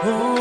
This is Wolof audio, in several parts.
Oh.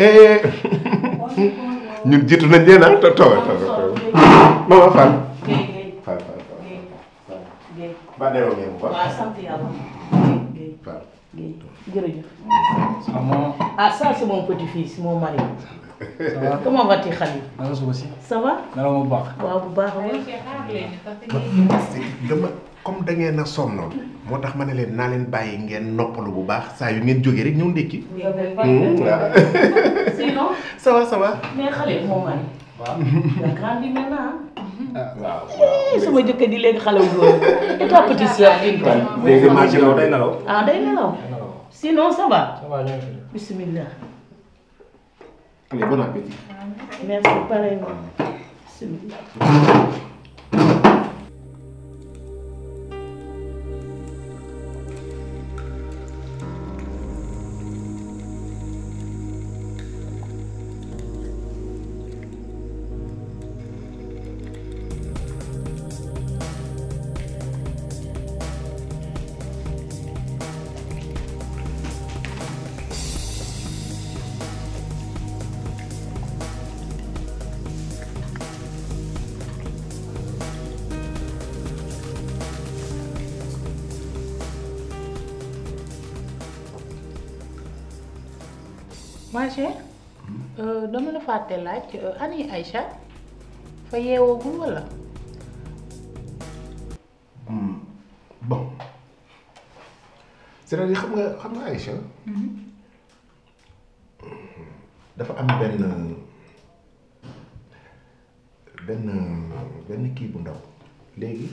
Eh, eh, eh. ñun jiitu nañ leen ah taw taw taw mama Fall. Guèye Fall Fall Fall. Guèye ba ah ça c'est mon petit fils mon mari. comment vas-tu Khalil. na nga suba si. ça va. na la ma baax. waaw bu baax a comme da ngeen na sonno motax tax ma ne leen naa ngeen noppolu bu baax sa yu ngeen jógee rek ñew ndékki. Hmm? sino ça va ça va. mais xale mo ma ah, eh, sama di ah bismillah. bon merci bismillah. ma chère euh, dama la fàtte laaj euh, an yi fa yeewoogul wala. Hmm. bon cest à xam nga xam nga Aïcha. dafa am benn benn benn kii bu ndaw léegi.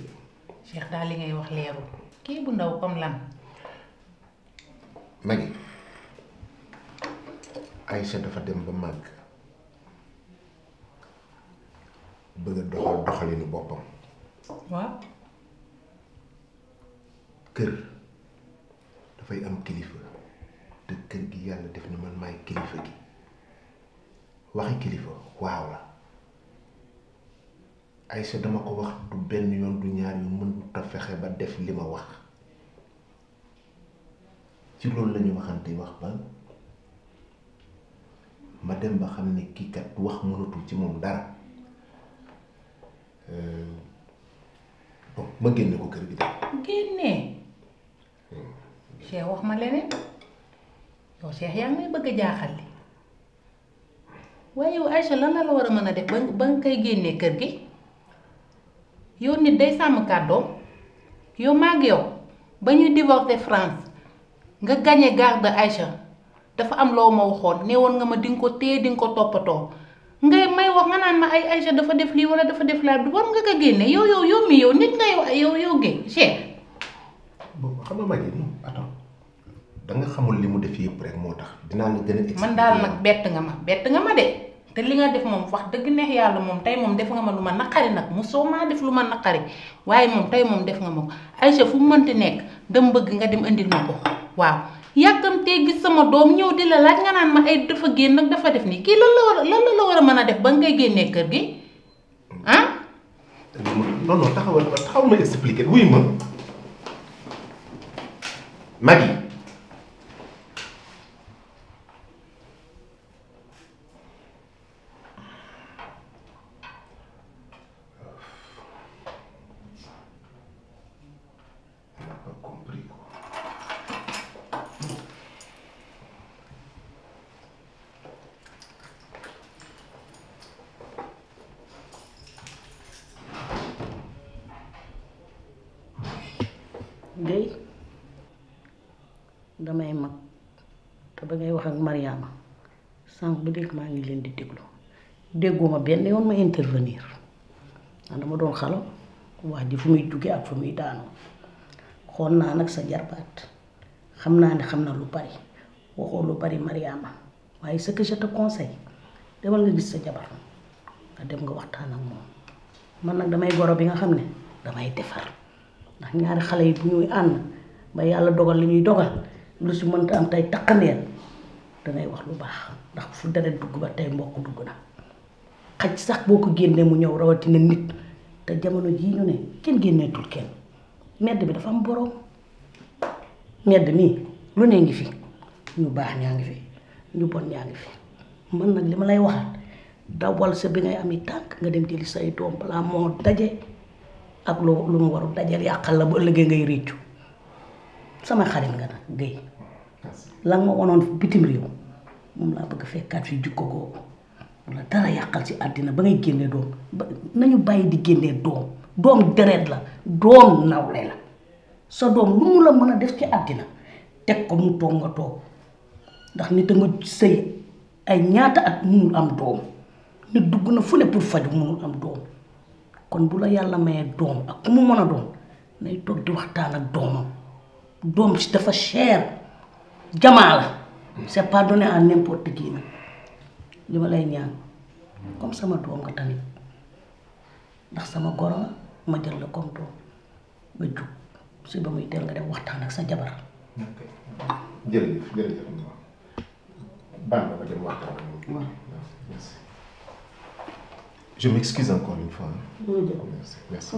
Cheikh daal li ngay wax leerul kii bu ndaw comme lan. Magui Aïcha dafa dem ba màgg bëgg a doxal doxalinu boppam. waaw. kër dafay am kilifa te kër gi yàlla def na man maay kilifa gi waxi kilifa waaw la Aïcha dama ko wax du benn yoon du ñaar yu mënut a fexe ba def li ma wax ci loolu la ñu waxante wax ba. ma dem ba xam ne kii kat wax mënatul ci moom dara bon ma génne ko kër gi dem. génne. Cheikh wax ma leneen yow Cheikh yaa ngi may bëgg a jaaxal li waaye yow Aïcha lan la la war a mën a def ba ba nga koy génnee kër gi yow nit day sàmm kàddoom yow maag yow ba ñuy divorcé France nga gagné garde Aïcha. dafa am loo ma waxoon nee woon nga ma di nga ko téye di nga ko toppatoo ngay may wax nga naan ma ay Aïcha dafa def lii wala dafa def laa war nga ko génne yow yow yow mi yow nit nga yow yow Guèye Cheikh. boobu xam moom li mu def man daal nag bett nga ma bett nga ma de. te li nga def moom wax dëgg neex yàlla moom tey moom def nga ma lu ma naqari nag mu soo maa def lu ma naqari waaye moom tey moom def nga ma ko Aïcha fu mu mënti nekk dama bëgg nga dem indil ma ko waaw. yàkkamtee gis sama doom ñëw di la laaj nga naan ma ay eh, dafa génn dafa def nii kii lan la war lan la war a mën a def ba ngay génnee kër gi ah. non non taxawal taxaw ma expliquer wuy ma Maggy damay mag te ba ngay wax ak Mariama sànq bu dégg maa ngi leen di déglu ma benn yoon ma intervenir man dama doon xalo wax ji fu muy jugee ak fu muy daanoo xool naa nag sa jarbaat xam naa ne xam na lu bari waxoo lu bari Mariama waaye ce que je demal nga gis sa jabar nga dem nga waxtaan ak moom man nag damay goro bi nga xam ne damay defar ndax ñaari xale yi bu ñuy ànd ba yàlla dogal li ñuy dogal lu si mënta am tey takkaneen ya? dangay wax lu baax ndax fu dara dugg ba tey mbokk dugg na xaj sax boo ko génnee mu ñëw rawatina nit te jamono jii ñu ne kenn génneetul kenn medd bi dafa am borom medd mi lu ne ngi fi ñu baax ñaa ngi fi ñu bon ñaa ngi fi man nag li ma lay waxaat dawal sa bi ngay am tànk nga dem jëli say doom balaa moo daje ak lu lu mu waru dajal yàqal la bu ëllëgee ngay réccu sama xarit nga na Guèye lan ma wanoon bitim réew moom laa bëgg fekkaat fi jikko googu la dara yàqal ci àddina ba ngay génne doom ba nañu bàyyi di génnee doom doom deret la doom nawle la sa doom lu mu la mën a def ci àddina teg ko mu toog nga toog ndax nit a nga sëy ay ñaata at munul am doom nit dugg na fu ne pour faju munul am doom kon bu la yàlla mayee doom ak ku mu mën a doom nay toog di waxtaan ak doomam doom ci dafa cher jamaa la c'est pas donné à n'importe qui nag li ma lay ñaan comme sama doom nga tamit ndax sama goro ma jël la comme doom ba jug si ba muy teel nga dem waxtaan ak sa jabar. je m'excuse encore une fois. Hein. merci merci.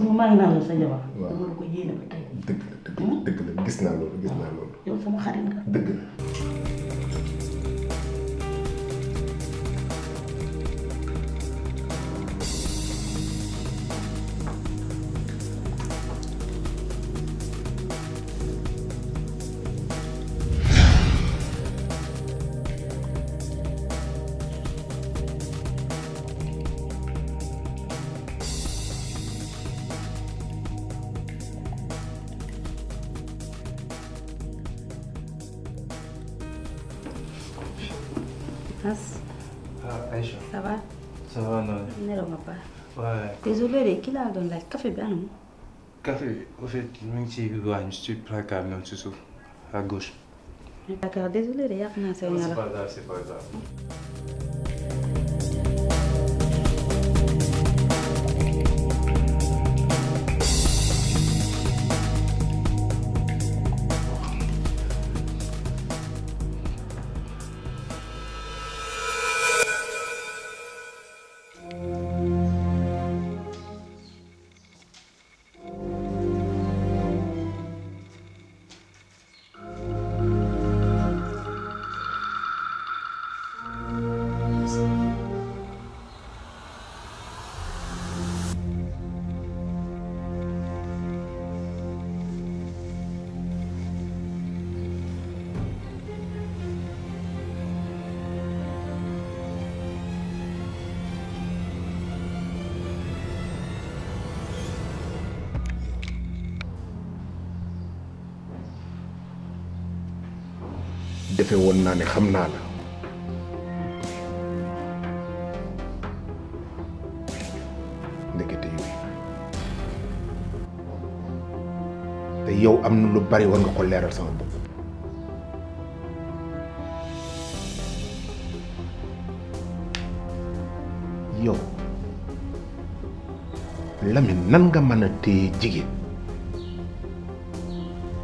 Nasıl? Ha, Ayşe. Ça va? não não Nora. Merhaba papa. Ouais. Désolé, qui l'a donné? Café bien, Café, au fait, même si je vois un petit placard, non, tu souffles. À gauche. D'accord, désolé, regarde, c'est pas grave, c'est pas grave. defe woon naa ne xam naa la ndekete yooyu te yow am na lu bari war nga ko leeral sama bopp yow Lamine nan nga mën a téye jigéen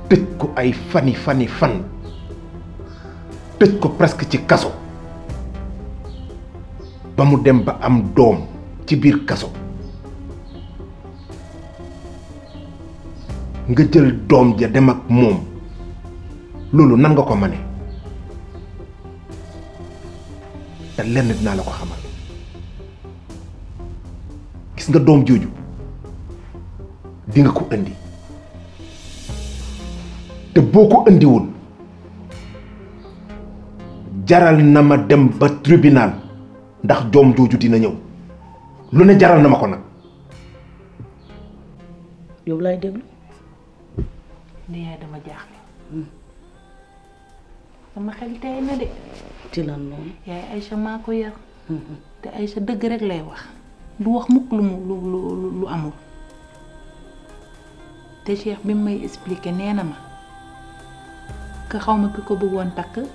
tëj ko ay fani fani fan tëj ko presque ci kaso ba mu dem ba am doom ci biir kaso nga jël doom ja dem ak moom loolu nan nga ko mane te lenn dinaa la ko xamal gis nga doom jooju di nga ko indi te boo ko indiwul jaral na ma dem ba tribunal ndax doom jooju dina ñëw lu ne jaral na ma ko nag. yow laay déglu ne yaay dama jaaxle. Hmm. sama xel tey na de. ci lan noonu. yaay Aïcha maa ko yar. Hmm. te Aïcha dëgg rek lay wax. du wax mukk lu mu lu lu lu amul. te Cheikh bi may expliqué nee na ma ka xaw ma ki ko bëggoon takk.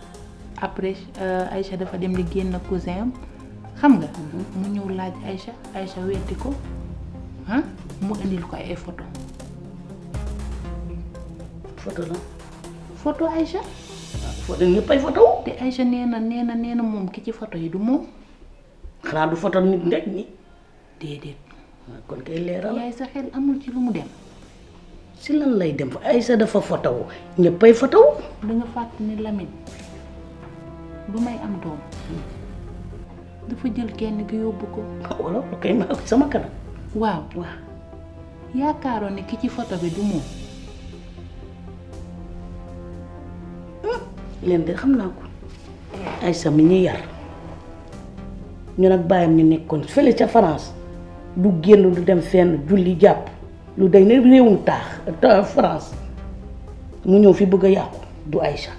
après euh, Aïcha dafa dem di génn cousin am xam nga. Mhm. mu ñëw laaj Aïcha Aïcha ko ah mu indil ko ay photo photo la. photo Aïcha. Ah, photo ay photo te Aïcha nee na nee moom ki ci photo yi du moom. xanaa du photo nit rek ni déedéet. Ah, kon kay leeral yaay xel amul ci lu mu dem. si lan lay dem fa Aïcha dafa fotow ñëppay fotow. da nga fàtt lu may am doom dafa jël kenn ki yóbbu ko. wala ah, kay sama kanam. waaw waaw yaakaaroon ne ki ci photo bi du moom. Hmm, leen de xam naa ko. Aïssa mi ñuy yar ñu nag bàyyam ñu nekkoon fële ca France du génn du dem fenn julli jàpp lu day ne réewum taax France mu ñëw fi bëgg a yàqu du Aïssa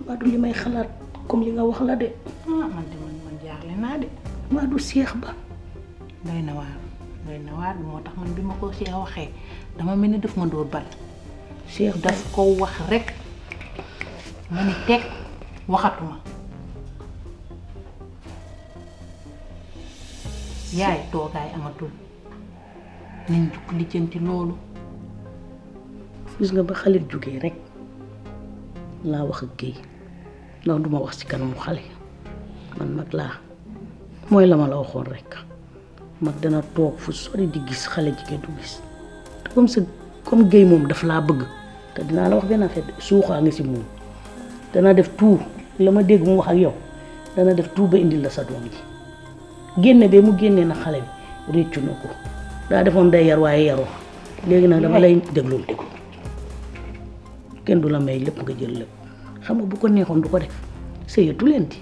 mbaa du li may xalaat. kom li nga wax la de. Ah, man de man man le na de. ma du seex ba. day na war day na war moo tax man bima ma ko seex eh. eh. waxe dama melni def ma do bal. seex daf ko wax rek ma tek waxatuma. yaay toogaay amatul nañ li jenti lolu gis nga ba xalit jógee eh, rek la wax ak geey ndax duma wax ci kanamu xale man mag laa mooy la ma la waxoon rek mag dana toog fu sori di gis xale jigéen du gis comme sa comme géy moom daf laa bëgg te dinaa la wax benn affaire suuxaa nga si moom dana def tout la ma dégg mu wax ak yow dana def tout ba indil la sa doom ji génne be mu génnee na xale bi réccu na ko daa defoon day yar waaye yaroo léegi nag dama lay kenn may lépp nga jël lépp xam nga bu ko neexoon du ko def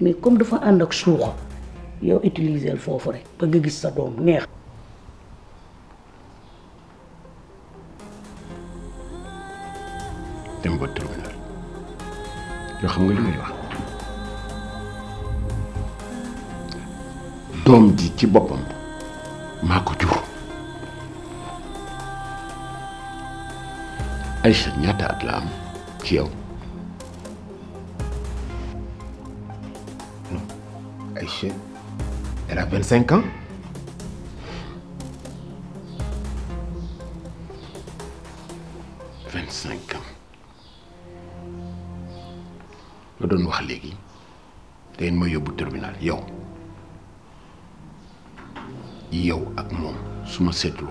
mais comme dafa ànd un suux yow utiliser foofu rek ba nga gis sa doom neex. dem ba xam nga li wax doom ji ci boppam maa ko jur Aïcha ñaata at que eu. Non. Aïcha, elle a 25 ans. cinq ans loo doon wax léegi dangeen ma yóbbu tribunal yow yow ak moom su ma seetul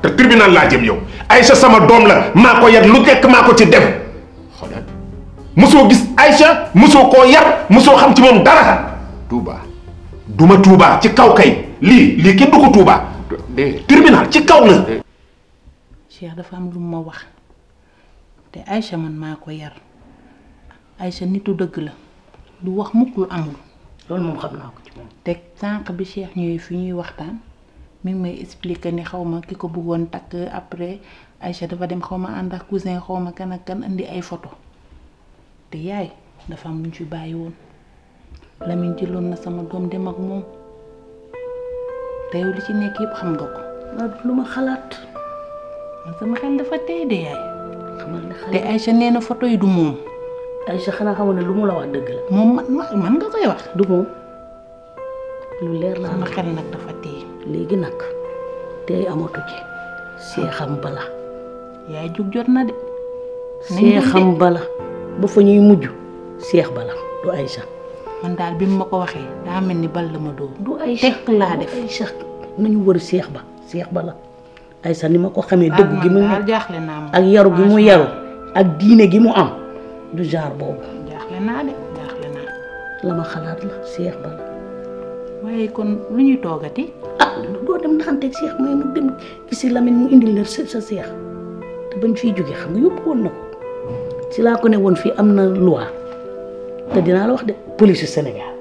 te tribunal laa jëm yow Aïcha sama doom la maa ko yar lu nekk maa ko ci def xoolal mosoo gis Aïcha mosoo koo yar mosoo xam ci moom dara Touba duma tuubaa ci kaw kay lii lii kenn du ko Touba tribunal ci kaw la Cheikh dafa am lu ma wax te Aïcha man maa ko yar Aïcha nitu dëgg la lu wax mukk lu amul moom xam naa ko ci te sànq bi Cheikh ñëwee fi ñuy waxtaan mi may expliquer ni xaw ma ki ko bëggoon takk après Aïcha dafa dem xaw ma ànd ak cousin xaw ma kan ak indi ay photo te yaay dafa am luñ fi bàyyi woon Lamine jëloon na sama doom dem ak moom te yow li ci nekk yépp xam nga ko. lu ma xalaat man sama xel dafa tey de yaay. te Aïcha nee na photo yi du moom. Aïcha xanaa xamoon ne lu ma la wax dëgg la. moom man nga koy wax. du moom lu leer la sama xel nag dafa léegi nag tey amatu ci seexam bala yaay jug jot na de seexam bala ba fa ñuy mujj seex bala du Aïcha man daal bi mu ma ko waxee daa mel ni bal la ma dóor du Aïcha tekk laa def Aïcha nañu wër seex ba seex bala Aïcha ni ma ko xamee dëgg gi mu jaaxle naa ak yaru gi mu yaru ak diine gi mu am du jaar boobu la ma xalaat la seex bala waye kon luñuy ñuy ah do dem naxanteeg cheikh moy mu dem gis Lamine mu indi leur sa cheikh seex te bañ fi joggé xam nga yóbbu woon na ko si ko né won fi amna loi te dina la wax de police Sénégal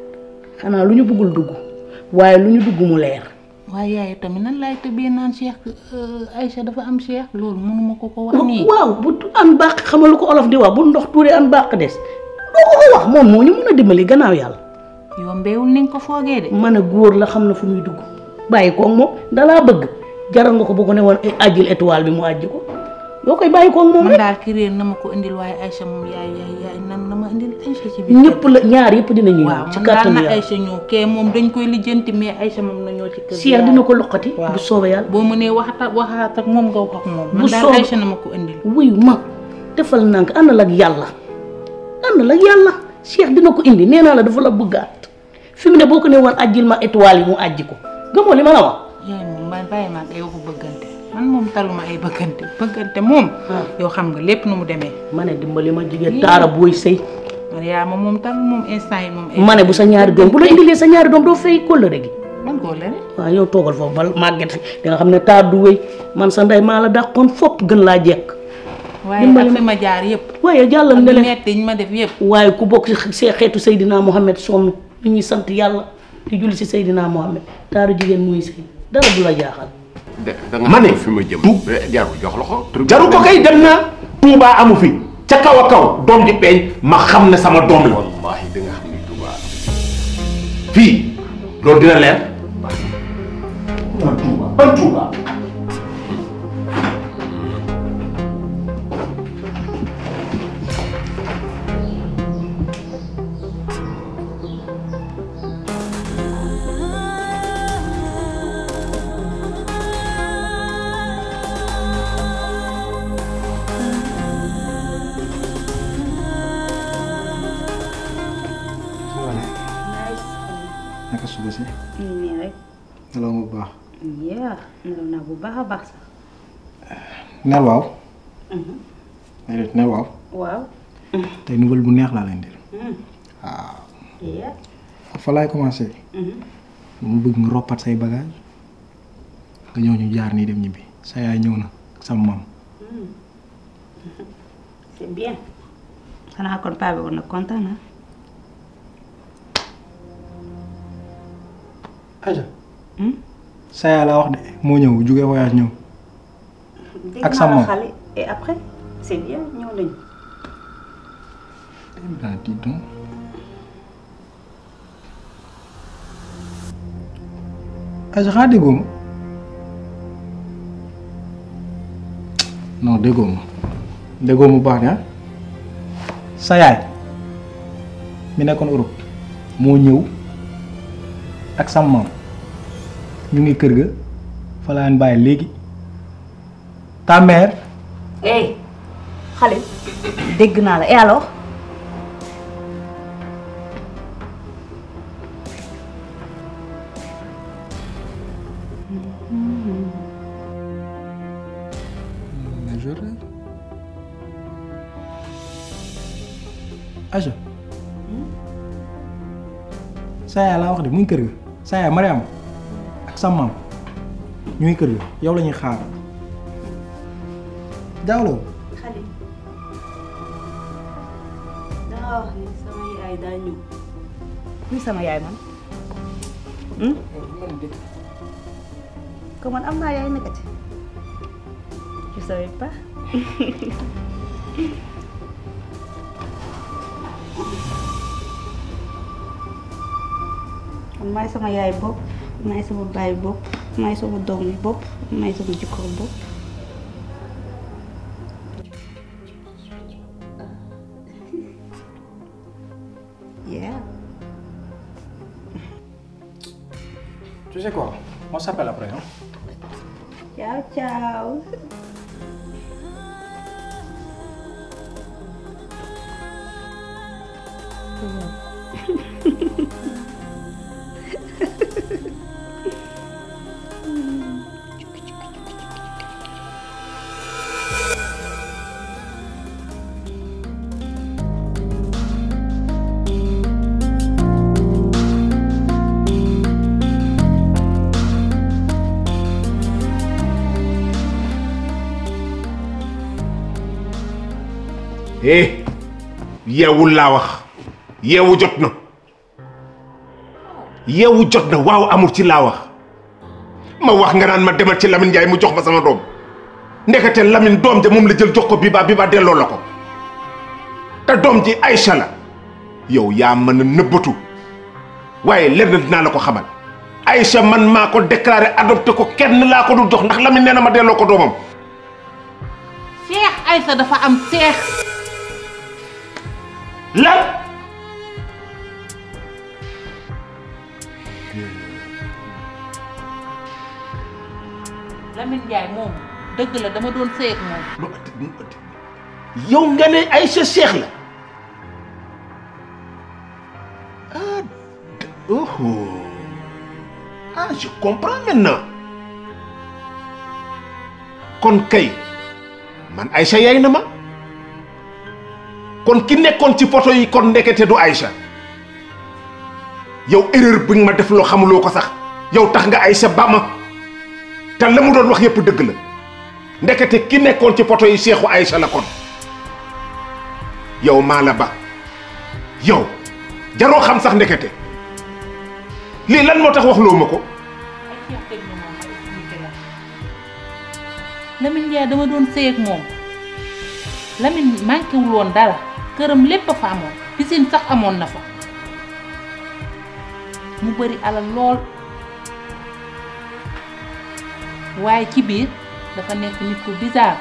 xana luñu bëggul dugg waye luñu ñu dugg mu leer. waye yaay tamit nan lay tebé nan Cheikh euh, Aïcha dafa am Cheikh loolu mënu mako ko wax ni waaw bu am bàq xamalu ko olof di wax bu ndox touré am bàq dess do ko wax mom moo ñu mën dimbali gannaaw yalla yombeewul nañ ko foogee de. man a góor la xam na fu muy dugg bàyyi koog moom dalaa bëgg jaral nga ko ba ko ne woon ajjil eh, étoile bi mu àjji ko yoo koy bàyyi koog moom man daal ki na ma ko indil waaye Aïcha moom yaay na ma indil Aïcha ci ñëpp la ñaar yëpp dinañu ñëw. ci kàttanu yàlla waaw man moom dañ koy lijjanti mais Aïcha moom na ñëw ci kër. Cheikh ko loqati. waaw bu boo mënee waxata waxaat ak moom nga moom. bu soobee man daal Aïcha na ma ko indil. wuyu ma defal nank àndal ak yàlla àndal ak yàlla Cheikh dina ko indi nee naa la dafa la bëggaat fi mu ne boo ko ne woon ajjil ma étoile yi mu ajji ko gëmoo li ma la wax. yaay ma ak ay waxu bëggante man moom moom. Ah. yow xam nga lépp nu demee. ma ne dimbali ma jigéen taara booy sëy. Mariama moom tam moom instant yi moom. ma ne bu sa ñaari doom bu la indilee sa ñaari doom doo fay kóllëre gi. man yow toogal foofu bal màgget da nga xam ne taar du wéy man sa ndey maa la dax dàqoon fopp gën laa jekk. waaye ak fi ma jaar yëpp. waaye jàllal ne leen ma def yëpp. waaye ku bokk see xeetu Seydina Mohamed Sow ñu ngi sant yàlla di julli ci Seydina Mohamed taaru jigéen mooy sëy dara du la jaaxal. ma ne fi ma jëm jarul jox loxo. jarul ko kay dem naa. Touba amu fi ca kaw a kaw doom di peeñ ma xam ne sama doom la. wallaahi loolu dina leer. waaw Touba ban neel waaw. day def neel waw waaw. tey nouvelle bu neex laa leen di. Mhm. waaw. Iya. fa laay commencé. Mhm. mu bëgg nga say bagage nga ñëw ñu jaar ni dem ñibi sa yaay ñëw na sama hmm c'est bien. xanaa kon paa bi content na Aja. Ah. hmm saya la wax de mo ñew jóge voyage ñew ak sa moom xale et eh non déggoo ma déggoo mu baax na sa yaay mi nekkoon Europe moo ñëw ak sa ñu ngi kër ga falaan laa bàyyi léegi. ta mère. Eh, xale dégg naa la et eh, alors. Aja sa wax de mu ngi kër ga sa yaay ak sa ñu ngi kër ga yow la ñuy xaar. Diawlo. ni sama yaay daa ñëw. sama yaay man. Hmm? ko man am naa yaay nekkati. je savais pas. man maay sama yaay bopp maay sama baay bopp maay sama doom yi bopp maay sama jëkkër bopp. chegou. Mostra pra ela la prueba? Tchau, tchau. eh yeewul laa wax yeewu jot na yeewu jot na waaw amul ci laa wax ma wax nga naan ma demal ci Lamine Ndiaye mu jox ma sama doom ndekete Lamine doom ja moom la jël jox ko bii baa Biba Biba delloo la ko te doom ji ay la yow yaa mën na nëbbatu waaye lenn dinaa la ko xamal Aïcha man maa ko déclaré adopté ko kenn laa ko du jox ndax Lamine nee na ma delloo ko doomam. Cheikh Aïcha dafa am seex. lan Lamine Ndiaye moom dëgg la dama doon seeg moom yow nga ne Aïcha Cheikh la ah oh ah je comprends maintenant kon kay man Aïcha yaay na ma kon ki nekkoon ci photo yi kon ndekete du Aïcha yow erreur bi ma def loo xamuloo ko sax yow tax nga Aïcha ba ma te la mu doon wax yëpp dëgg la ndekete ki nekkoon ci photo yi seexu Aïcha la kon yow maa ba yow jaroo xam sax ndekete lii lan moo tax waxloo ma ko. Lamine Ndiaye dama doon sëy ak moom Lamine woon dara. këram lépp a fa amoon piscine sax amoon na fa mu bari alal lool waaye ci biir dafa nekk nit ku bizarre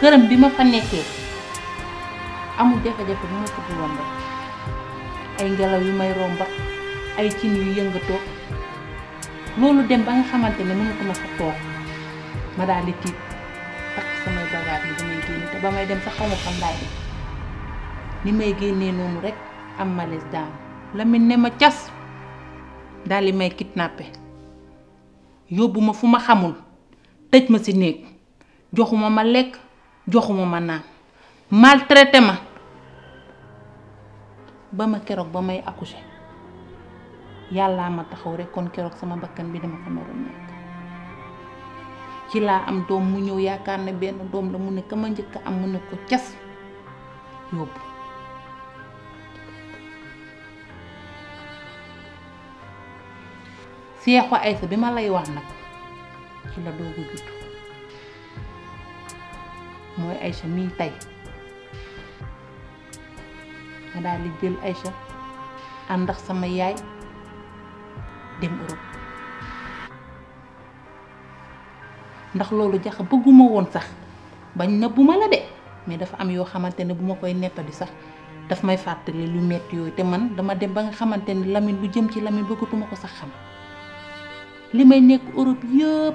këram bi ma fa nekkee amul jafe-jafe bu ma ko woon rek ay ngelaw yu may romba ay cin yu yëngatoo loolu dem ba nga xamante ne mënatuma fa toog ma daal di tiit takk samay bagages yi damay génn te ba may dem sa xaw ma fan laay ni may génnee nonu rek am malaise daal Lamine ne ma cas daal di may kidnappé yóbbu ma fu ma xamul tëj ma ci néeg joxuma ma lekk joxuma ma naan maltraité ma ba ma keroog ba may ma taxaw rek kon keroog sama bakkan bi dama ko noru nekk ci laa am doom mu ñëw yaakaar ne benn doom la mu ne ka ma njëkk am mu ne ko cas yóbbu seexu ay sa bi ma lay wax nag ci mooy Aïcha mii tey nga daal di jël Aïcha ànd ak sama yaay dem Europe ndax loolu jax bëgguma woon sax bañ na bu ma la de mais dafa am yoo xamante ne bu ma koy nettali sax daf may fàttali lu metti yooyu te man dama dem ba nga xamante ne Lamine lu jëm ci Lamine bëggatuma ko sax xam li may nekk Europe yëpp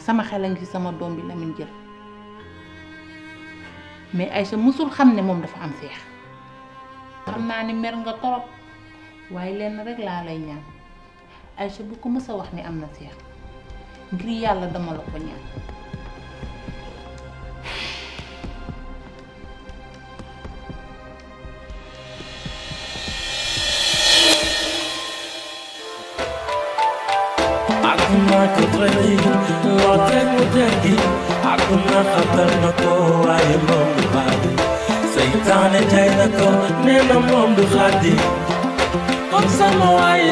sama xel a ngi ci sama doom bi Lamine jël mais Aïcha musul xam ne moom dafa am feex xam naa ni mer nga torop waaye lenn rek laa lay ñaan Aïcha bu ko mës wax ni am na feex ngir yàlla dama la ko ñaan jangi Hakuna khatar na kowa ya mamdu hadi nena mamdu hadi Kamsa mawaye